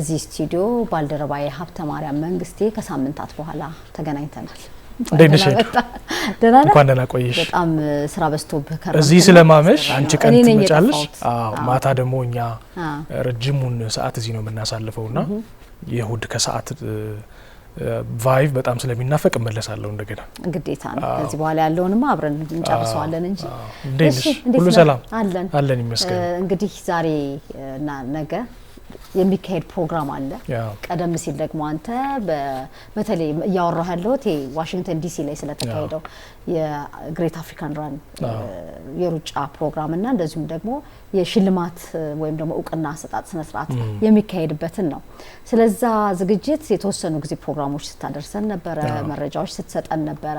እዚህ ስቱዲዮ ባልደረባዬ ሀብተ ማርያም መንግስቴ ከሳምንታት በኋላ ተገናኝተናል። እንዴት ነሽ? እንኳን ደህና ቆየሽ። በጣም ስራ በዝቶብህ ከረምክ እዚህ ስለማመሽ አንቺ ቀን ትመጫለሽ። አዎ፣ ማታ ደግሞ እኛ ረጅሙን ሰዓት እዚህ ነው የምናሳልፈው እና የእሁድ ከሰዓት ቫይቭ በጣም ስለሚናፈቅ እመለሳለሁ። እንደገና ግዴታ ነው። ከዚህ በኋላ ያለውንማ አብረን እንጨርሰዋለን እንጂ ሁሉ ሰላም አለን አለን። ይመስገን እንግዲህ ዛሬ እና ነገ የሚካሄድ ፕሮግራም አለ። ቀደም ሲል ደግሞ አንተ በተለይ እያወራህ ያለሁት ዋሽንግተን ዲሲ ላይ ስለተካሄደው የግሬት አፍሪካን ራን የሩጫ ፕሮግራም እና እንደዚሁም ደግሞ የሽልማት ወይም ደግሞ እውቅና አሰጣጥ ስነስርዓት የሚካሄድበትን ነው። ስለዛ ዝግጅት የተወሰኑ ጊዜ ፕሮግራሞች ስታደርሰን ነበረ፣ መረጃዎች ስትሰጠን ነበረ፣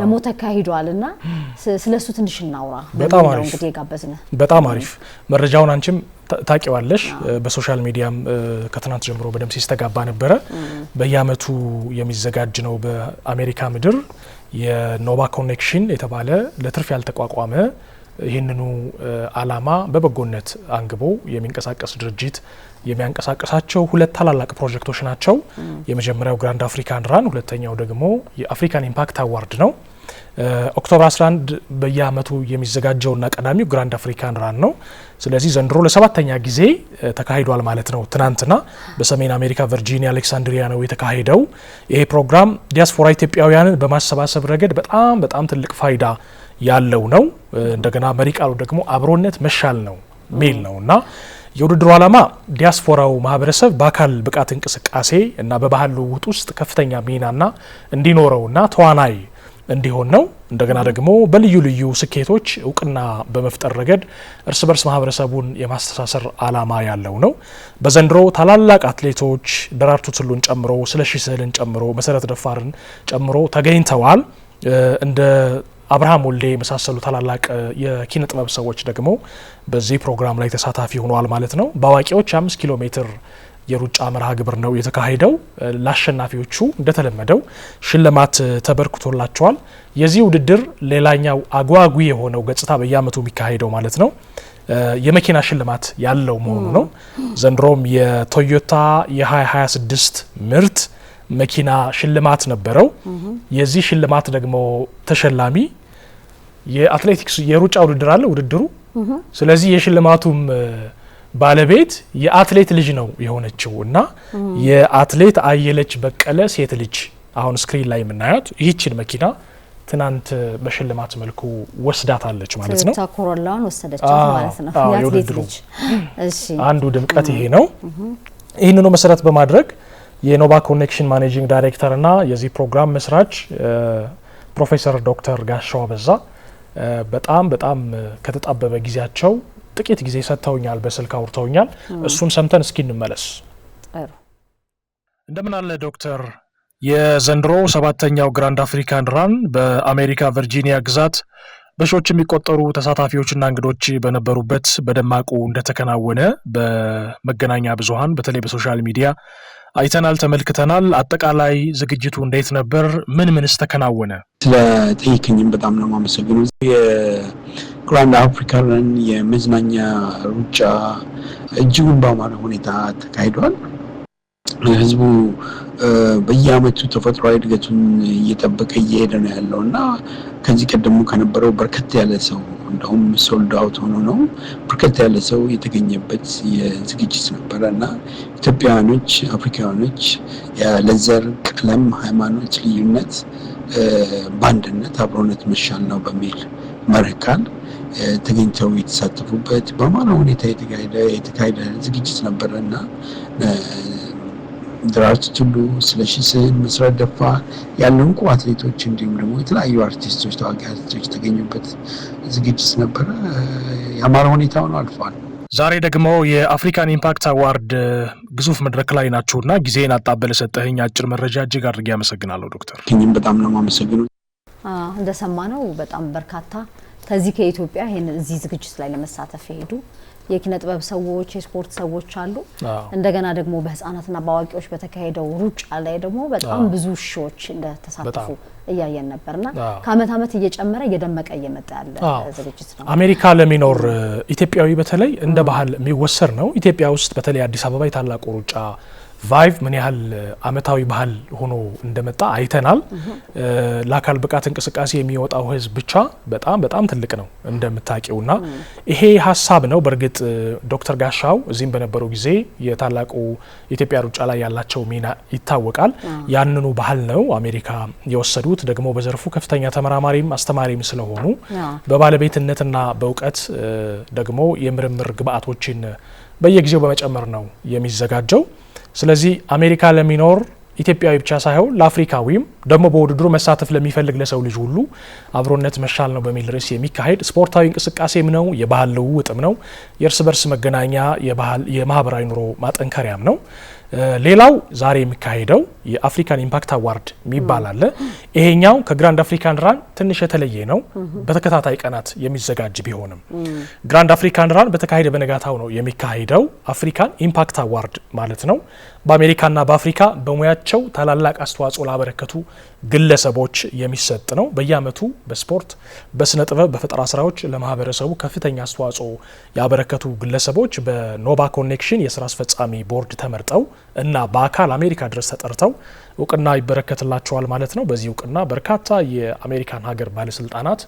ደግሞ ተካሂዷል እና ስለሱ ትንሽ እናውራ። በጣም አሪፍ በጣም አሪፍ መረጃውን አንቺም ታቂዋለሽ። በሶሻል ሚዲያም ከትናንት ጀምሮ በደንብ ሲስተጋባ ነበረ። በየአመቱ የሚዘጋጅ ነው በአሜሪካ ምድር የኖቫ ኮኔክሽን የተባለ ለትርፍ ያልተቋቋመ ይህንኑ አላማ በበጎነት አንግቦ የሚንቀሳቀስ ድርጅት የሚያንቀሳቀሳቸው ሁለት ታላላቅ ፕሮጀክቶች ናቸው። የመጀመሪያው ግራንድ አፍሪካን ራን፣ ሁለተኛው ደግሞ የአፍሪካን ኢምፓክት አዋርድ ነው። ኦክቶበር 11 በየአመቱ የሚዘጋጀውና ቀዳሚው ግራንድ አፍሪካን ራን ነው። ስለዚህ ዘንድሮ ለሰባተኛ ጊዜ ተካሂዷል ማለት ነው። ትናንትና በሰሜን አሜሪካ ቨርጂኒያ፣ አሌክሳንድሪያ ነው የተካሄደው። ይሄ ፕሮግራም ዲያስፖራ ኢትዮጵያውያንን በማሰባሰብ ረገድ በጣም በጣም ትልቅ ፋይዳ ያለው ነው። እንደገና መሪ ቃሉ ደግሞ አብሮነት መሻል ነው ሚል ነው እና የውድድሩ ዓላማ ዲያስፖራው ማህበረሰብ በአካል ብቃት እንቅስቃሴ እና በባህል ልውውጥ ውስጥ ከፍተኛ ሚናና እንዲኖረውና ተዋናይ እንዲሆን ነው። እንደገና ደግሞ በልዩ ልዩ ስኬቶች እውቅና በመፍጠር ረገድ እርስ በርስ ማህበረሰቡን የማስተሳሰር አላማ ያለው ነው። በዘንድሮ ታላላቅ አትሌቶች ደራርቱ ቱሉን ጨምሮ ስለሺ ስህልን ጨምሮ መሰረት ደፋርን ጨምሮ ተገኝተዋል። እንደ አብርሃም ወልዴ የመሳሰሉ ታላላቅ የኪነ ጥበብ ሰዎች ደግሞ በዚህ ፕሮግራም ላይ ተሳታፊ ሆነዋል ማለት ነው። በአዋቂዎች የአምስት ኪሎ ሜትር የሩጫ መርሃ ግብር ነው የተካሄደው። ለአሸናፊዎቹ እንደተለመደው ሽልማት ተበርክቶላቸዋል። የዚህ ውድድር ሌላኛው አጓጊ የሆነው ገጽታ በየአመቱ የሚካሄደው ማለት ነው የመኪና ሽልማት ያለው መሆኑ ነው። ዘንድሮም የቶዮታ የ2026 ምርት መኪና ሽልማት ነበረው። የዚህ ሽልማት ደግሞ ተሸላሚ የአትሌቲክስ የሩጫ ውድድር አለ ውድድሩ። ስለዚህ የሽልማቱም ባለቤት የአትሌት ልጅ ነው የሆነችው እና የአትሌት አየለች በቀለ ሴት ልጅ አሁን ስክሪን ላይ የምናያት ይህችን መኪና ትናንት በሽልማት መልኩ ወስዳታለች ማለት ነው። ኮሮላውን ማለት ነው። የውድድሩ አንዱ ድምቀት ይሄ ነው። ይህንኑ መሰረት በማድረግ የኖባ ኮኔክሽን ማኔጂንግ ዳይሬክተር እና የዚህ ፕሮግራም መስራች ፕሮፌሰር ዶክተር ጋሻው አበዛ በጣም በጣም ከተጣበበ ጊዜያቸው ጥቂት ጊዜ ሰጥተውኛል፣ በስልክ አውርተውኛል። እሱን ሰምተን እስኪ እንመለስ። እንደምን አለ ዶክተር። የዘንድሮ ሰባተኛው ግራንድ አፍሪካን ራን በአሜሪካ ቨርጂኒያ ግዛት በሺዎች የሚቆጠሩ ተሳታፊዎችና እንግዶች በነበሩበት በደማቁ እንደተከናወነ በመገናኛ ብዙሃን በተለይ በሶሻል ሚዲያ አይተናል፣ ተመልክተናል። አጠቃላይ ዝግጅቱ እንዴት ነበር? ምን ምንስ ተከናወነ? ስለጠይቅኝም በጣም ነው የማመሰግነው። የግራንድ አፍሪካን የመዝናኛ ሩጫ እጅጉን በአማረ ሁኔታ ተካሂዷል። ህዝቡ በየአመቱ ተፈጥሯዊ እድገቱን እየጠበቀ እየሄደ ነው ያለው እና ከዚህ ቀደሙ ከነበረው በርከት ያለ ሰው እንደውም ሶልድ አውት ሆኖ ነው በርከት ያለ ሰው የተገኘበት የዝግጅት ነበረ እና ኢትዮጵያውያኖች፣ አፍሪካውያኖች ለዘር፣ ቀለም፣ ሃይማኖት ልዩነት በአንድነት አብሮነት መሻል ነው በሚል መርህ ቃል ተገኝተው የተሳተፉበት በማለ ሁኔታ የተካሄደ ዝግጅት ነበረ እና ድራርቱ ቱሉ፣ ስለሺ ስህን፣ ምስረት ደፋ ያሉ እንቁ አትሌቶች እንዲሁም ደግሞ የተለያዩ አርቲስቶች፣ ታዋቂ አርቲስቶች የተገኙበት ዝግጅት ነበረ። የአማረ ሁኔታ ሆኖ አልፏል። ዛሬ ደግሞ የአፍሪካን ኢምፓክት አዋርድ ግዙፍ መድረክ ላይ ናችሁ እና ጊዜን አጣበለ ሰጠህኝ አጭር መረጃ እጅግ አድርጌ አመሰግናለሁ ዶክተር። እኔም በጣም ነው የማመሰግነው። እንደሰማ ነው በጣም በርካታ ከዚህ ከኢትዮጵያ ይህን እዚህ ዝግጅት ላይ ለመሳተፍ የሄዱ የኪነ ጥበብ ሰዎች፣ የስፖርት ሰዎች አሉ። እንደገና ደግሞ በህጻናትና በአዋቂዎች በተካሄደው ሩጫ ላይ ደግሞ በጣም ብዙ ሺዎች እንደተሳተፉ እያየን ነበርና ከአመት አመት እየጨመረ እየደመቀ እየመጣ ያለ ዝግጅት ነው። አሜሪካ ለሚኖር ኢትዮጵያዊ በተለይ እንደ ባህል የሚወሰድ ነው። ኢትዮጵያ ውስጥ በተለይ አዲስ አበባ የታላቁ ሩጫ ቫይቭ ምን ያህል አመታዊ ባህል ሆኖ እንደመጣ አይተናል። ለአካል ብቃት እንቅስቃሴ የሚወጣው ህዝብ ብቻ በጣም በጣም ትልቅ ነው እንደምታውቂው ና ይሄ ሀሳብ ነው። በእርግጥ ዶክተር ጋሻው እዚህም በነበሩ ጊዜ የታላቁ ኢትዮጵያ ሩጫ ላይ ያላቸው ሚና ይታወቃል። ያንኑ ባህል ነው አሜሪካ የወሰዱት። ደግሞ በዘርፉ ከፍተኛ ተመራማሪም አስተማሪም ስለሆኑ በባለቤትነትና በእውቀት ደግሞ የምርምር ግብአቶችን በየጊዜው በመጨመር ነው የሚዘጋጀው። ስለዚህ አሜሪካ ለሚኖር ኢትዮጵያዊ ብቻ ሳይሆን ለአፍሪካዊም ደግሞ በውድድሩ መሳተፍ ለሚፈልግ ለሰው ልጅ ሁሉ አብሮነት መሻል ነው በሚል ርዕስ የሚካሄድ ስፖርታዊ እንቅስቃሴም ነው፣ የባህል ልውውጥም ነው። የእርስ በርስ መገናኛ የባህል የማህበራዊ ኑሮ ማጠንከሪያም ነው። ሌላው ዛሬ የሚካሄደው የአፍሪካን ኢምፓክት አዋርድ የሚባል አለ። ይሄኛው ከግራንድ አፍሪካን ራን ትንሽ የተለየ ነው። በተከታታይ ቀናት የሚዘጋጅ ቢሆንም ግራንድ አፍሪካን ራን በተካሄደ በነጋታው ነው የሚካሄደው። አፍሪካን ኢምፓክት አዋርድ ማለት ነው። በአሜሪካና በአፍሪካ በሙያቸው ታላላቅ አስተዋጽኦ ላበረከቱ ግለሰቦች የሚሰጥ ነው። በየአመቱ በስፖርት፣ በስነ ጥበብ፣ በፈጠራ ስራዎች ለማህበረሰቡ ከፍተኛ አስተዋጽኦ ያበረከ የተመለከቱ ግለሰቦች በኖባ ኮኔክሽን የስራ አስፈጻሚ ቦርድ ተመርጠው እና በአካል አሜሪካ ድረስ ተጠርተው እውቅና ይበረከትላቸዋል ማለት ነው። በዚህ እውቅና በርካታ የአሜሪካን ሀገር ባለስልጣናት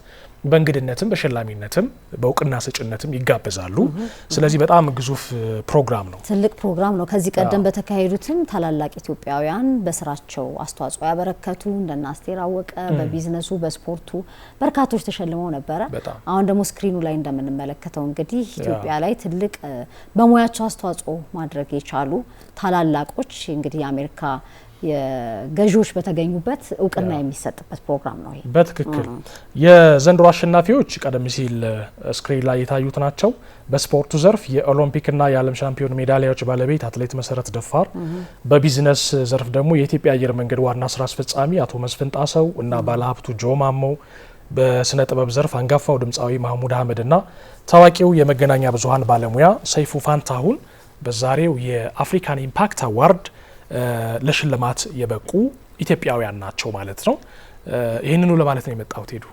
በእንግድነትም በሸላሚነትም በእውቅና ሰጭነትም ይጋበዛሉ። ስለዚህ በጣም ግዙፍ ፕሮግራም ነው፣ ትልቅ ፕሮግራም ነው። ከዚህ ቀደም በተካሄዱትም ታላላቅ ኢትዮጵያውያን በስራቸው አስተዋጽኦ ያበረከቱ እንደነ አስቴር አወቀ በቢዝነሱ በስፖርቱ በርካቶች ተሸልመው ነበረ። አሁን ደግሞ ስክሪኑ ላይ እንደምንመለከተው እንግዲህ ኢትዮጵያ ላይ ትልቅ በሙያቸው አስተዋጽኦ ማድረግ የቻሉ ታላላቆች እንግዲህ የአሜሪካ ገዢዎች በተገኙበት እውቅና የሚሰጥበት ፕሮግራም ነው። ይሄ በትክክል የዘንድሮ አሸናፊዎች ቀደም ሲል ስክሪን ላይ የታዩት ናቸው። በስፖርቱ ዘርፍ የኦሎምፒክና የዓለም ሻምፒዮን ሜዳሊያዎች ባለቤት አትሌት መሰረት ደፋር፣ በቢዝነስ ዘርፍ ደግሞ የኢትዮጵያ አየር መንገድ ዋና ስራ አስፈጻሚ አቶ መስፍን ጣሰው እና ባለሀብቱ ጆ ማሞ፣ በስነ ጥበብ ዘርፍ አንጋፋው ድምፃዊ ማህሙድ አህመድ እና ታዋቂው የመገናኛ ብዙሀን ባለሙያ ሰይፉ ፋንታሁን በዛሬው የአፍሪካን ኢምፓክት አዋርድ ለሽልማት የበቁ ኢትዮጵያውያን ናቸው ማለት ነው። ይህንኑ ለማለት ነው የመጣሁት። ሄዱ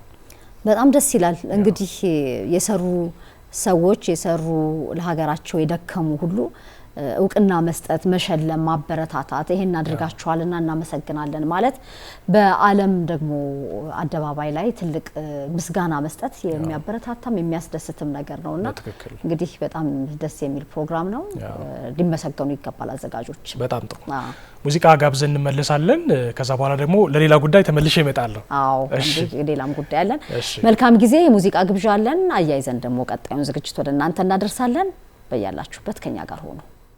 በጣም ደስ ይላል። እንግዲህ የሰሩ ሰዎች የሰሩ ለሀገራቸው የደከሙ ሁሉ እውቅና መስጠት፣ መሸለም፣ ማበረታታት ይሄን አድርጋችኋልና እናመሰግናለን ማለት በዓለም ደግሞ አደባባይ ላይ ትልቅ ምስጋና መስጠት የሚያበረታታም የሚያስደስትም ነገር ነውና እንግዲህ በጣም ደስ የሚል ፕሮግራም ነው። ሊመሰገኑ ይገባል አዘጋጆች። በጣም ጥሩ ሙዚቃ ጋብዘን እንመለሳለን። ከዛ በኋላ ደግሞ ለሌላ ጉዳይ ተመልሼ እመጣለሁ። አዎ ሌላም ጉዳይ አለን። መልካም ጊዜ። የሙዚቃ ግብዣ አለን። አያይዘን ደግሞ ቀጣዩን ዝግጅት ወደ እናንተ እናደርሳለን። በያላችሁበት ከኛ ጋር ሆኑ።